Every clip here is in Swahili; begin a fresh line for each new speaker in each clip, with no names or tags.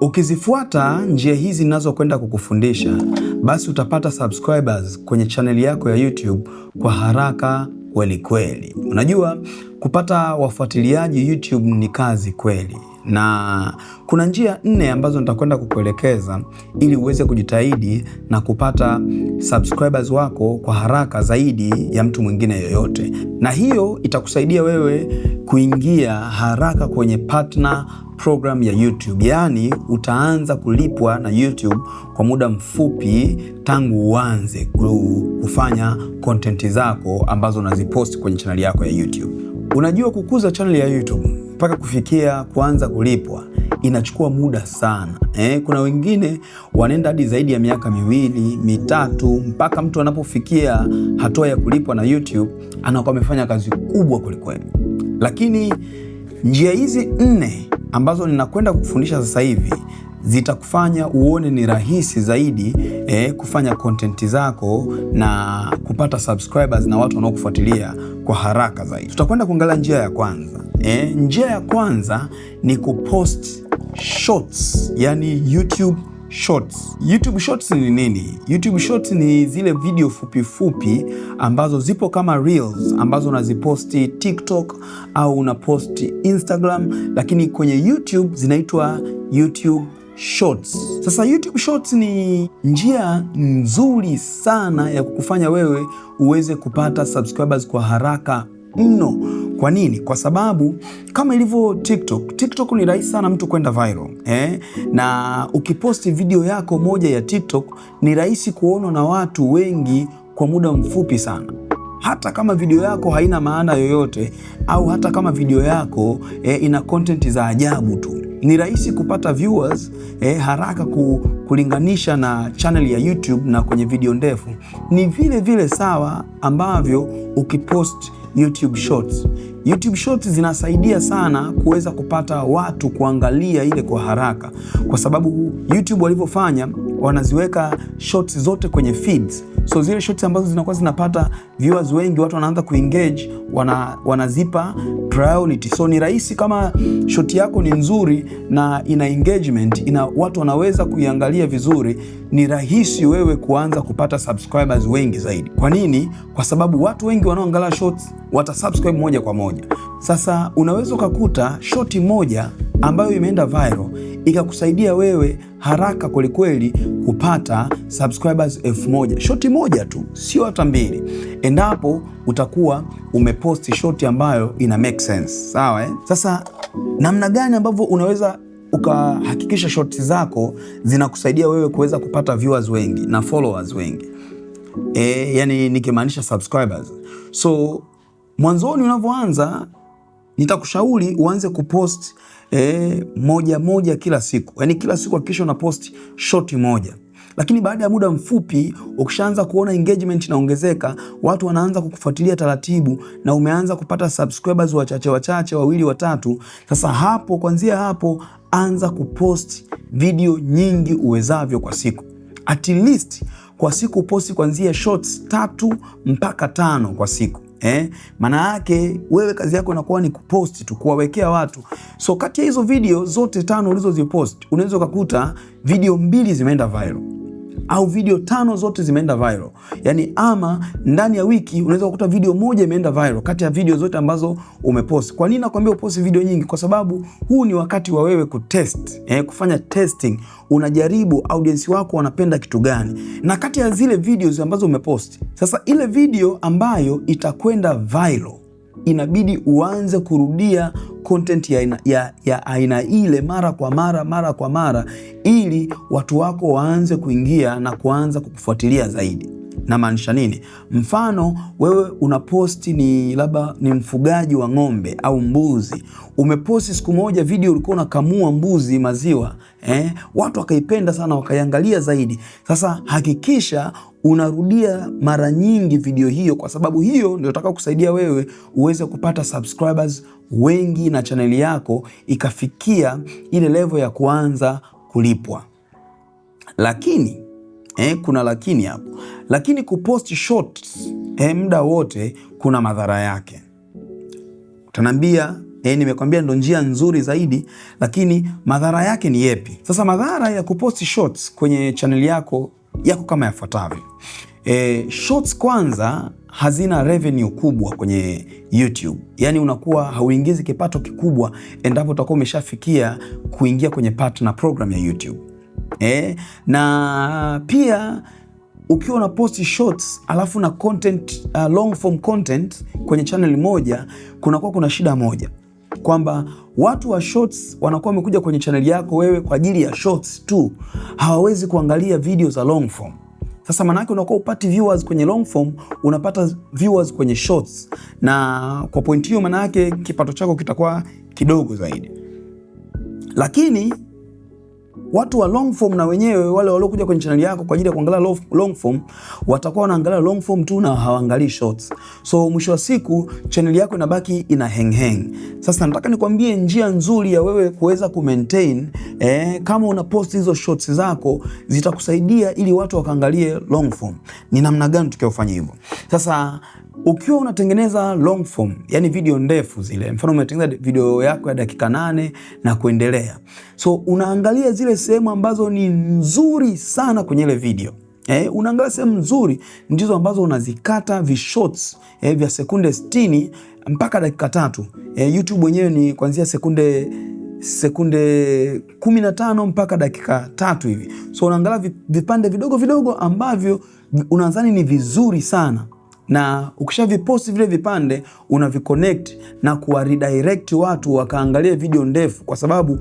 Ukizifuata njia hizi ninazokwenda kukufundisha, basi utapata subscribers kwenye chaneli yako ya YouTube kwa haraka kweli kweli. Unajua kupata wafuatiliaji YouTube ni kazi kweli na kuna njia nne ambazo nitakwenda kukuelekeza ili uweze kujitahidi na kupata subscribers wako kwa haraka zaidi ya mtu mwingine yoyote, na hiyo itakusaidia wewe kuingia haraka kwenye partner program ya YouTube, yaani utaanza kulipwa na YouTube kwa muda mfupi tangu uanze kufanya content zako ambazo unaziposti kwenye chaneli yako ya YouTube. Unajua, kukuza chaneli ya YouTube mpaka kufikia kuanza kulipwa inachukua muda sana eh. Kuna wengine wanaenda hadi zaidi ya miaka miwili mitatu, mpaka mtu anapofikia hatua ya kulipwa na YouTube anakuwa amefanya kazi kubwa kwelikweli. Lakini njia hizi nne ambazo ninakwenda kufundisha sasa hivi zitakufanya uone ni rahisi zaidi eh, kufanya kontenti zako na kupata subscribers na watu wanaokufuatilia kwa haraka zaidi. Tutakwenda kuangalia njia ya kwanza Eh, njia ya kwanza ni kupost shorts, yani YouTube Shorts. YouTube Shorts ni nini? YouTube Shorts ni zile video fupi fupi ambazo zipo kama reels ambazo unaziposti TikTok au unaposti Instagram, lakini kwenye YouTube zinaitwa YouTube Shorts. Sasa YouTube Shorts ni njia nzuri sana ya kukufanya wewe uweze kupata subscribers kwa haraka mno kwa nini? Kwa sababu kama ilivyo TikTok, TikTok ni rahisi sana mtu kwenda viral eh? Na ukiposti video yako moja ya TikTok ni rahisi kuonwa na watu wengi kwa muda mfupi sana hata kama video yako haina maana yoyote au hata kama video yako eh, ina content za ajabu tu ni rahisi kupata viewers eh, haraka ku, kulinganisha na channel ya YouTube na kwenye video ndefu. Ni vile vile sawa ambavyo ukipost YouTube Shorts. YouTube Shorts zinasaidia sana kuweza kupata watu kuangalia ile kwa haraka, kwa sababu YouTube walivyofanya wanaziweka shorts zote kwenye feeds. So zile shorts ambazo zinakuwa zinapata viewers wengi, watu wanaanza kuengage, wana, wanazipa priority. So ni rahisi kama shoti yako ni nzuri na ina engagement, ina watu wanaweza kuiangalia vizuri, ni rahisi wewe kuanza kupata subscribers wengi zaidi. Kwa nini? Kwa sababu watu wengi wanaoangalia shorts watasubscribe moja kwa moja. Sasa unaweza ukakuta shoti moja ambayo imeenda viral ikakusaidia wewe haraka kwelikweli kupata subscribers elfu moja shoti moja tu, sio hata mbili, endapo utakuwa umeposti shoti ambayo ina make sense. Sawa eh? Sasa namna gani ambavyo unaweza ukahakikisha shoti zako zinakusaidia wewe kuweza kupata viewers wengi na followers wengi e, yani nikimaanisha subscribers. So mwanzoni unavyoanza nitakushauri uanze kupost eh, moja moja kila siku, yaani kila siku hakikisha post short moja lakini baada ya muda mfupi ukishaanza kuona engagement inaongezeka, watu wanaanza kukufuatilia taratibu, na umeanza kupata subscribers wachache wachache, wawili watatu. Sasa hapo, kuanzia hapo, anza kupost video nyingi uwezavyo kwa siku, at least kwa siku posti kuanzia shorts tatu mpaka tano kwa siku eh? Maana yake wewe kazi yako inakuwa ni kupost tu, kuwawekea watu. So kati ya hizo video zote tano ulizozipost, unaweza ukakuta video mbili zimeenda viral au video tano zote zimeenda viral. Yani ama ndani ya wiki unaweza kukuta video moja imeenda viral kati ya video zote ambazo umepost. Kwa nini nakwambia uposti video nyingi? Kwa sababu huu ni wakati wa wewe kutest, eh, kufanya testing. Unajaribu audience wako wanapenda kitu gani, na kati ya zile videos ambazo umepost sasa, ile video ambayo itakwenda viral inabidi uanze kurudia content ya aina, ya, ya aina ile mara kwa mara mara kwa mara, ili watu wako waanze kuingia na kuanza kukufuatilia zaidi. Namaanisha nini? Mfano wewe unaposti ni labda ni mfugaji wa ng'ombe au mbuzi, umeposti siku moja video ulikuwa unakamua mbuzi maziwa eh, watu wakaipenda sana wakaiangalia zaidi. Sasa hakikisha unarudia mara nyingi video hiyo, kwa sababu hiyo ndio taka kusaidia wewe uweze kupata subscribers wengi na chaneli yako ikafikia ile level ya kuanza kulipwa. Lakini eh, kuna lakini hapo. Lakini kupost shorts eh, muda wote kuna madhara yake. Utanambia E, eh, nimekwambia ndo njia nzuri zaidi, lakini madhara yake ni yepi? Sasa madhara ya kuposti shorts kwenye chaneli yako yako kama yafuatavyo. E, shorts kwanza hazina revenue kubwa kwenye YouTube, yaani unakuwa hauingizi kipato kikubwa endapo utakuwa umeshafikia kuingia kwenye partner program ya YouTube. E, na pia ukiwa una post shorts alafu na content, uh, long form content kwenye channel moja kunakuwa kuna shida moja kwamba watu wa shorts wanakuwa wamekuja kwenye chaneli yako wewe kwa ajili ya shorts tu, hawawezi kuangalia video za long form. Sasa maanake unakuwa upati viewers kwenye long form, unapata viewers kwenye shorts, na kwa pointi hiyo maanake kipato chako kitakuwa kidogo zaidi, lakini watu wa long form na wenyewe wale waliokuja kwenye channel yako kwa ajili ya kuangalia long form watakuwa wanaangalia long form tu na hawaangalii shorts. So mwisho wa siku channel yako inabaki ina hang hang. Sasa nataka nikwambie njia nzuri ya wewe kuweza ku maintain eh, kama una post hizo shorts zako zitakusaidia ili watu wakaangalie long form. Ni namna gani tukiofanya hivyo? Sasa ukiwa unatengeneza long form, yani video ndefu zile, mfano umetengeneza video yako ya dakika nane na kuendelea, so unaangalia zile sehemu ambazo ni nzuri sana kwenye ile video eh, unaangalia sehemu nzuri ndizo ambazo unazikata vishorts eh, vya sekunde 60 mpaka dakika tatu. Eh, YouTube wenyewe ni kuanzia sekunde sekunde 15 mpaka dakika tatu hivi, so unaangalia vipande vidogo vidogo ambavyo unadhani ni vizuri sana na ukisha viposti vile vipande unaviconnect na redirect watu wakaangalia video ndefu, kwa sababu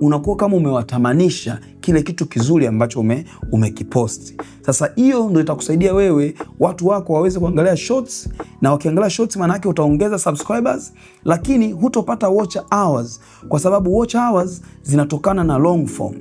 unakuwa kama umewatamanisha kile kitu kizuri ambacho ume, umekiposti. Sasa hiyo ndo itakusaidia wewe watu wako waweze kuangalia shorts, na wakiangalia shorts maana yake utaongeza subscribers, lakini hutopata watch hours, kwa sababu watch hours zinatokana na long form.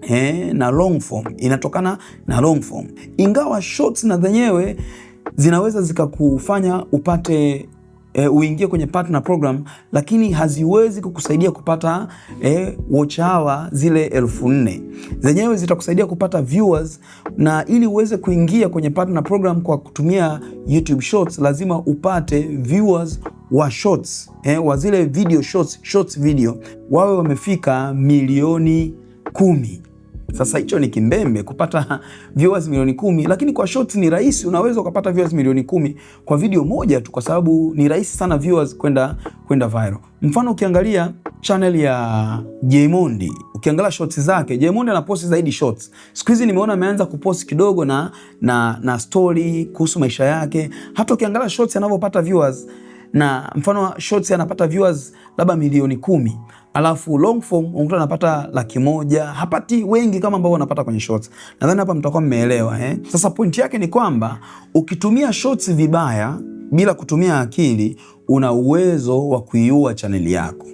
He, eh, na long form inatokana na long form, ingawa shorts na zenyewe zinaweza zikakufanya upate e, uingie kwenye partner program, lakini haziwezi kukusaidia kupata e, watch hour zile elfu nne zenyewe zitakusaidia kupata viewers, na ili uweze kuingia kwenye partner program kwa kutumia YouTube Shorts lazima upate viewers wa shorts eh, wa zile video shorts, shorts video wawe wamefika milioni kumi. Sasa hicho ni kimbembe kupata viewers milioni kumi, lakini kwa shorts ni rahisi, unaweza ukapata viewers milioni kumi kwa video moja tu, kwa sababu ni rahisi sana viewers kwenda kwenda viral. Mfano ukiangalia channel ya Jaymondi, ukiangalia shorts zake Jaymondi anaposti zaidi shorts. Siku hizi nimeona ameanza kuposti kidogo na, na, na story kuhusu maisha yake. Hata ukiangalia shorts anavyopata viewers na mfano shorts anapata viewers labda milioni kumi, alafu long form unakuta anapata laki moja, hapati wengi kama ambao wanapata kwenye shorts. Nadhani hapa mtakuwa mmeelewa eh? Sasa pointi yake ni kwamba ukitumia shorts vibaya bila kutumia akili, una uwezo wa kuiua chaneli yako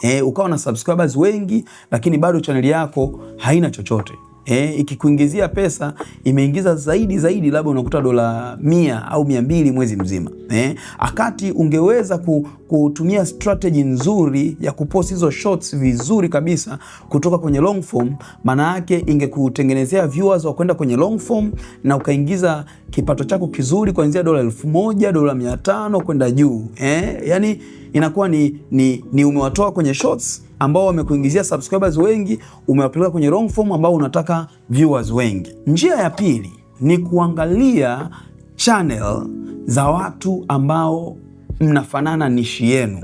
eh, ukawa na subscribers wengi lakini bado chaneli yako haina chochote eh, ikikuingizia pesa imeingiza zaidi zaidi, labda unakuta dola mia au mia mbili mwezi mzima eh, akati ungeweza kutumia strategy nzuri ya kupost hizo shorts vizuri kabisa kutoka kwenye long form, maana yake ingekutengenezea viewers wa kwenda kwenye long form na ukaingiza kipato chako kizuri kuanzia dola elfu moja dola mia tano kwenda juu eh? Yani inakuwa ni, ni, ni umewatoa kwenye shorts ambao wamekuingizia subscribers wengi, umewapeleka kwenye long form ambao unataka viewers wengi. Njia ya pili ni kuangalia channel za watu ambao mnafanana nishi yenu.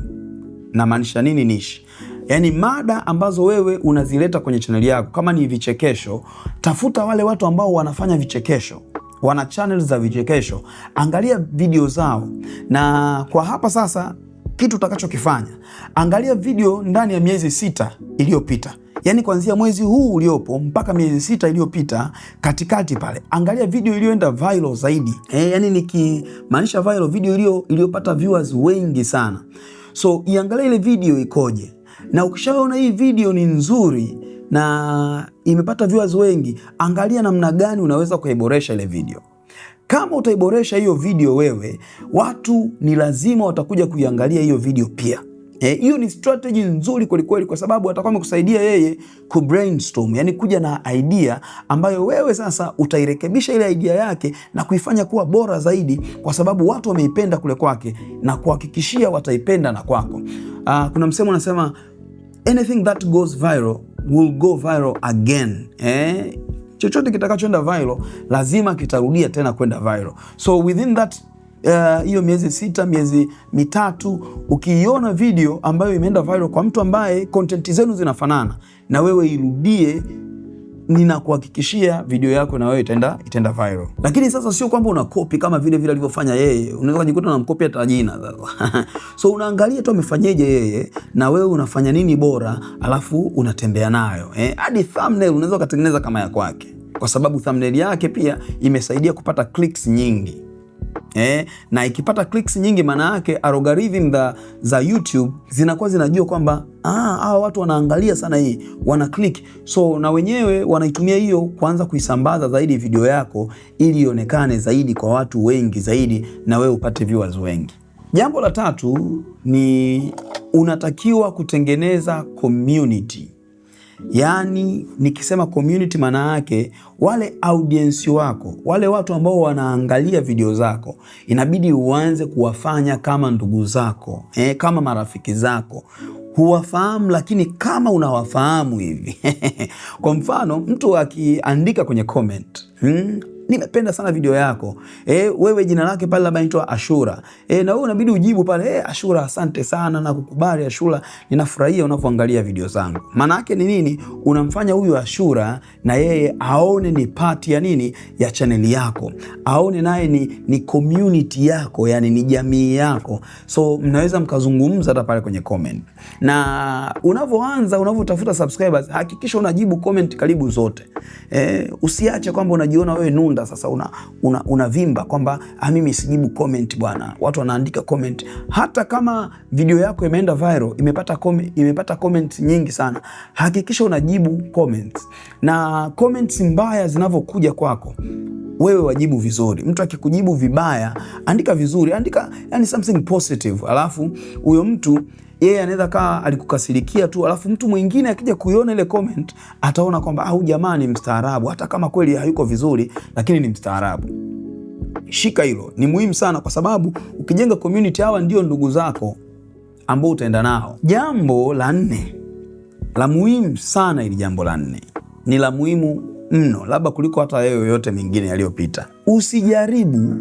Namaanisha nini nishi? Yaani mada ambazo wewe unazileta kwenye chaneli yako, kama ni vichekesho, tafuta wale watu ambao wanafanya vichekesho wana channel za vichekesho, angalia video zao. Na kwa hapa sasa, kitu utakachokifanya, angalia video ndani ya miezi sita iliyopita Yaani, kuanzia mwezi huu uliopo mpaka miezi sita iliyopita, katikati pale angalia video iliyoenda viral zaidi. E, eh, yani nikimaanisha viral, video iliyo iliyopata viewers wengi sana. So iangalia ile video ikoje, na ukishaona hii video ni nzuri na imepata viewers wengi, angalia namna gani unaweza kuiboresha ile video. Kama utaiboresha hiyo video wewe, watu ni lazima watakuja kuiangalia hiyo video pia. Eh, hiyo e, ni strategy nzuri kwelikweli, kwa sababu atakuwa amekusaidia yeye ku brainstorm, yani kuja na idea ambayo wewe sasa utairekebisha ile idea yake na kuifanya kuwa bora zaidi, kwa sababu watu wameipenda kule kwake na kuhakikishia wataipenda na kwako. Aa, ah, kuna msemo unasema anything that goes viral will go viral again eh? Chochote kitakachoenda viral lazima kitarudia tena kwenda viral, so within that eh, hiyo uh, miezi sita miezi mitatu, ukiiona video ambayo imeenda viral kwa mtu ambaye kontenti zenu zinafanana na wewe, irudie ninakuhakikishia video yako na wewe itaenda itaenda viral. Lakini sasa sio kwamba unakopi kama vile vile alivyofanya yeye, unaweza kujikuta mkopi hata jina sasa. so unaangalia tu amefanyaje yeye na wewe unafanya nini bora, alafu unatembea nayo eh, hadi thumbnail unaweza ukatengeneza kama ya kwake, kwa sababu thumbnail yake pia imesaidia kupata clicks nyingi. Eh, na ikipata clicks nyingi maana yake algorithm za, za YouTube zinakuwa zinajua kwamba ah, hawa watu wanaangalia sana hii, wana click, so na wenyewe wanaitumia hiyo kuanza kuisambaza zaidi video yako ili ionekane zaidi kwa watu wengi zaidi, na wewe upate viewers wengi. Jambo la tatu ni unatakiwa kutengeneza community. Yaani nikisema community, maana yake wale audiensi wako, wale watu ambao wanaangalia video zako, inabidi uanze kuwafanya kama ndugu zako eh, kama marafiki zako huwafahamu lakini kama unawafahamu hivi. Kwa mfano mtu akiandika kwenye comment hmm? nimependa sana video yako e, wewe jina lake pale labda naitwa Ashura e, na wewe unabidi ujibu pale e, Ashura asante sana na kukubali Ashura, ninafurahia unapoangalia video zangu. Maana yake ni nini? Unamfanya huyu Ashura na yeye aone ni part ya nini ya chaneli yako, aone naye ni, ni community yako, yani ni jamii yako, so mnaweza mkazungumza hata pale kwenye comment. Na unavyoanza unavyotafuta subscribers, hakikisha unajibu comment karibu zote e, usiache kwamba unajiona wewe nunda unakwenda sasa una, una, una kwamba ah, mimi sijibu comment bwana, watu wanaandika comment. Hata kama video yako imeenda viral, imepata comment, imepata comment nyingi sana, hakikisha unajibu comments. Na comments mbaya zinavyokuja kwako wewe wajibu vizuri. Mtu akikujibu vibaya, andika vizuri, andika yani something positive, alafu huyo mtu yeye anaweza kaa alikukasirikia tu, alafu mtu mwingine akija kuiona ile comment ataona kwamba au ah, jamaa ni mstaarabu, hata kama kweli hayuko vizuri, lakini ni mstaarabu. Shika hilo, ni muhimu sana, kwa sababu ukijenga community, hawa ndio ndugu zako ambao utaenda nao. Jambo la nne la muhimu sana, ili jambo la nne ni la muhimu mno, labda kuliko hata hayo yoyote mengine yaliyopita. Usijaribu,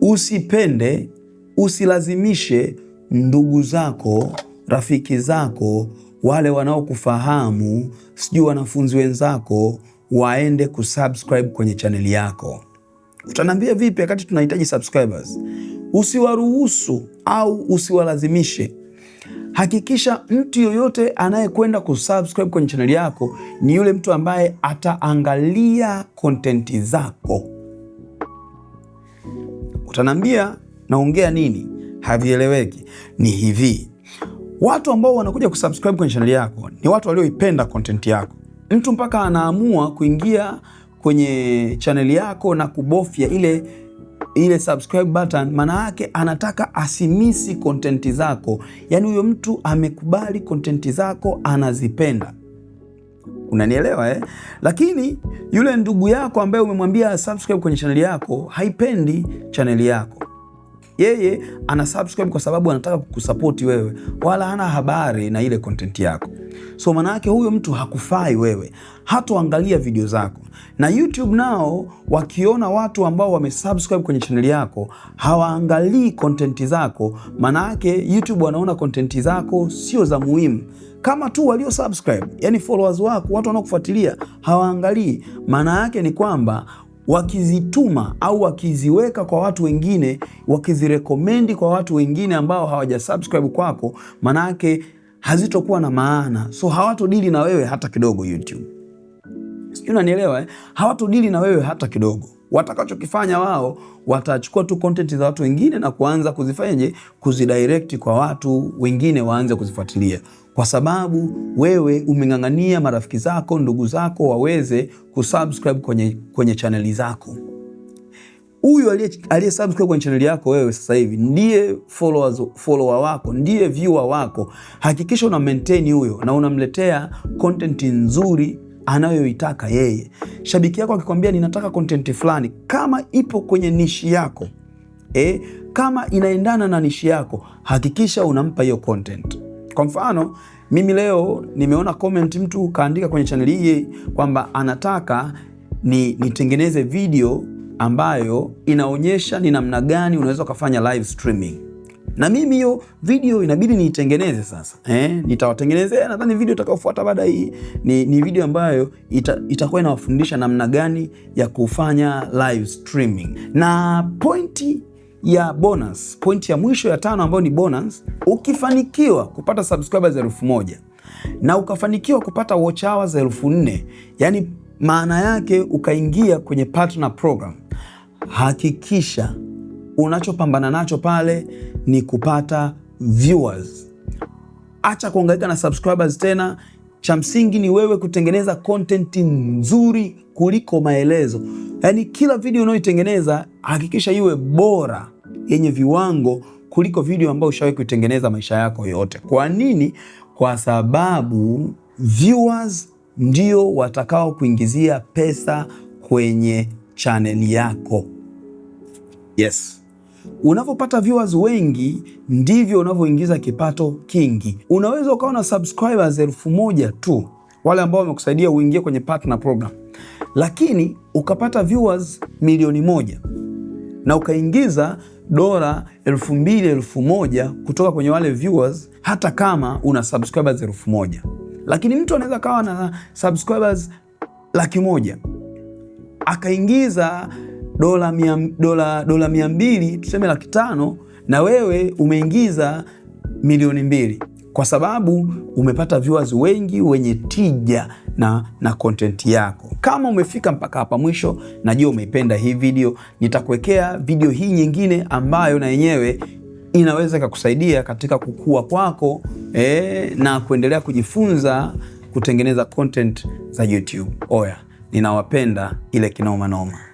usipende, usilazimishe ndugu zako rafiki zako, wale wanaokufahamu, sijui wanafunzi wenzako waende kusubscribe kwenye chaneli yako. Utaniambia vipi wakati tunahitaji subscribers? Usiwaruhusu au usiwalazimishe. Hakikisha mtu yoyote anayekwenda kusubscribe kwenye chaneli yako ni yule mtu ambaye ataangalia kontenti zako. Utaniambia naongea nini? Havieleweki. Ni hivi, Watu ambao wanakuja kusubscribe kwenye chaneli yako ni watu walioipenda content yako. Mtu mpaka anaamua kuingia kwenye chaneli yako na kubofya ile ile subscribe button, maana yake anataka asimisi kontenti zako. Yaani huyo mtu amekubali kontenti zako, anazipenda. Unanielewa eh? Lakini yule ndugu yako ambaye umemwambia subscribe kwenye chaneli yako haipendi chaneli yako yeye ana subscribe kwa sababu anataka kukusapoti wewe, wala hana habari na ile kontenti yako. So maana yake huyo mtu hakufai wewe, hatoangalia video zako. Na YouTube nao wakiona watu ambao wamesubscribe kwenye chaneli yako hawaangalii kontenti zako, maana yake YouTube wanaona kontenti zako sio za muhimu kama tu walio subscribe, yani followers wako, watu wanaokufuatilia hawaangalii. Maana yake ni kwamba wakizituma au wakiziweka kwa watu wengine, wakizirekomendi kwa watu wengine ambao hawajasubscribe kwako, manake hazitokuwa na maana. So hawatodili na wewe hata kidogo YouTube. Unanielewa eh? Hawatodili na wewe hata kidogo. Watakachokifanya wao watachukua tu content za watu wengine na kuanza kuzifanyaje, kuzidirect kwa watu wengine waanze kuzifuatilia kwa sababu wewe umeng'ang'ania marafiki zako, ndugu zako waweze kusubscribe kwenye, kwenye chaneli zako. Huyu aliye subscribe kwenye chaneli yako wewe sasa hivi ndiye followers, follower wako ndiye viewer wako. Hakikisha una maintain huyo na unamletea content nzuri anayoitaka yeye. Shabiki yako akikwambia ninataka content fulani, kama ipo kwenye nishi yako eh, kama inaendana na nishi yako, hakikisha unampa hiyo content. Kwa mfano mimi leo nimeona comment mtu kaandika kwenye chaneli hii kwamba anataka ni nitengeneze video ambayo inaonyesha ni namna gani unaweza ukafanya live streaming na mimi hiyo video inabidi niitengeneze sasa eh, nitawatengenezea. Nadhani video itakayofuata baada hii ni, ni video ambayo ita, itakuwa inawafundisha namna gani ya kufanya live streaming na pointi ya bonus, point ya mwisho ya tano ambayo ni bonus, ukifanikiwa kupata subscribers elfu moja na ukafanikiwa kupata watch hours elfu nne yani maana yake ukaingia kwenye partner program, hakikisha unachopambana nacho pale ni kupata viewers. Acha kuangaika na subscribers tena. Cha msingi ni wewe kutengeneza content nzuri kuliko maelezo. Yani kila video unayoitengeneza hakikisha iwe bora yenye viwango kuliko video ambayo ushawahi kuitengeneza maisha yako yote. Kwa nini? Kwa sababu viewers ndio watakao kuingizia pesa kwenye chaneli yako. Yes. Unavyopata viewers wengi ndivyo unavyoingiza kipato kingi. Unaweza ukawa na subscribers elfu moja tu, wale ambao wamekusaidia uingie kwenye partner program, lakini ukapata viewers milioni moja na ukaingiza dola elfu mbili elfu moja kutoka kwenye wale viewers, hata kama una subscribers elfu moja lakini mtu anaweza kawa na subscribers laki moja akaingiza dola mia, dola, dola mia mbili tuseme laki tano na wewe umeingiza milioni mbili kwa sababu umepata viewers wengi wenye tija na, na content yako. Kama umefika mpaka hapa mwisho, najua umeipenda hii video. Nitakuwekea video hii nyingine ambayo na yenyewe inaweza ikakusaidia katika kukua kwako eh, na kuendelea kujifunza kutengeneza content za YouTube. Oya, ninawapenda ile kinoma noma.